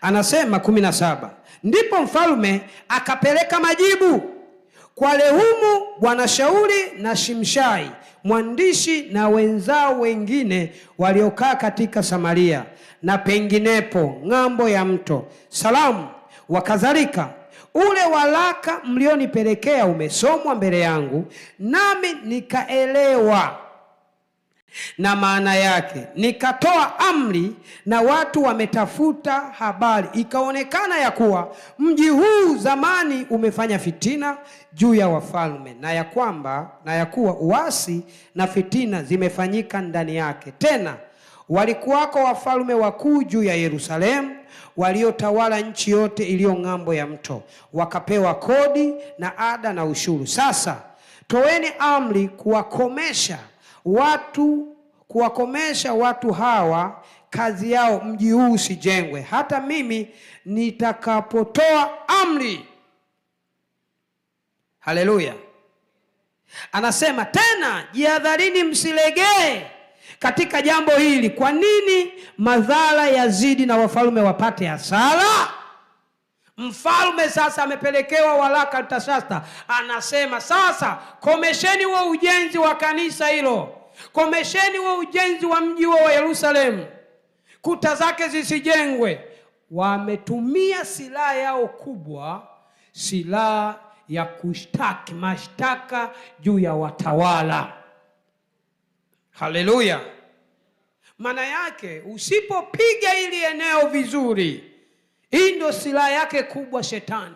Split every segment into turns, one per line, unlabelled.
Anasema kumi na saba, ndipo mfalme akapeleka majibu kwa lehumu bwana Shauli na Shimshai mwandishi na wenzao wengine waliokaa katika Samaria na penginepo ng'ambo ya mto. Salamu wakadhalika, ule waraka mlionipelekea umesomwa mbele yangu, nami nikaelewa na maana yake nikatoa amri, na watu wametafuta habari, ikaonekana ya kuwa mji huu zamani umefanya fitina juu ya wafalme, na ya kwamba na ya kuwa uasi na fitina zimefanyika ndani yake. Tena walikuwako wafalme wakuu juu ya Yerusalemu waliotawala nchi yote iliyo ng'ambo ya mto, wakapewa kodi na ada na ushuru. Sasa toeni amri kuwakomesha watu kuwakomesha watu hawa kazi yao, mji huu usijengwe, hata mimi nitakapotoa amri. Haleluya! Anasema tena, jihadharini, msilegee katika jambo hili. Kwa nini madhara yazidi na wafalume wapate hasara? Mfalme sasa amepelekewa waraka Artashasta, anasema sasa, komesheni huo ujenzi wa kanisa hilo Komesheni wa ujenzi wa mji wa Yerusalemu, kuta zake zisijengwe. Wametumia silaha yao kubwa, silaha ya kushtaki, mashtaka juu ya watawala. Haleluya! Maana yake usipopiga ili eneo vizuri, hii ndio silaha yake kubwa, Shetani.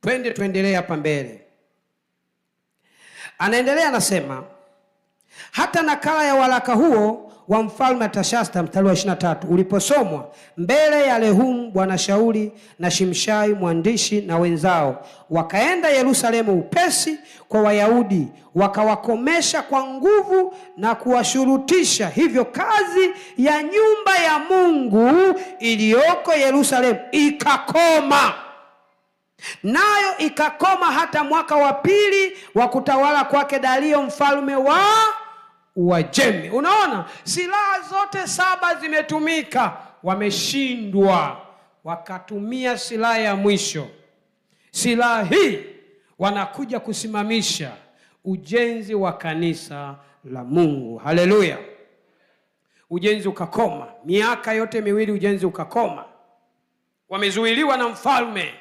Twende tuendelee hapa mbele. Anaendelea anasema, hata nakala ya waraka huo wa mfalme Atashasta, mstari wa 23, uliposomwa mbele ya rehum bwana Shauli na Shimshai mwandishi na wenzao, wakaenda Yerusalemu upesi kwa Wayahudi, wakawakomesha kwa nguvu na kuwashurutisha hivyo kazi ya nyumba ya Mungu iliyoko Yerusalemu ikakoma nayo ikakoma hata mwaka wa pili wa kutawala kwake Dario mfalme wa Uajemi. Unaona, silaha zote saba zimetumika, wameshindwa, wakatumia silaha ya mwisho. Silaha hii wanakuja kusimamisha ujenzi wa kanisa la Mungu. Haleluya! Ujenzi ukakoma, miaka yote miwili ujenzi ukakoma, wamezuiliwa na mfalme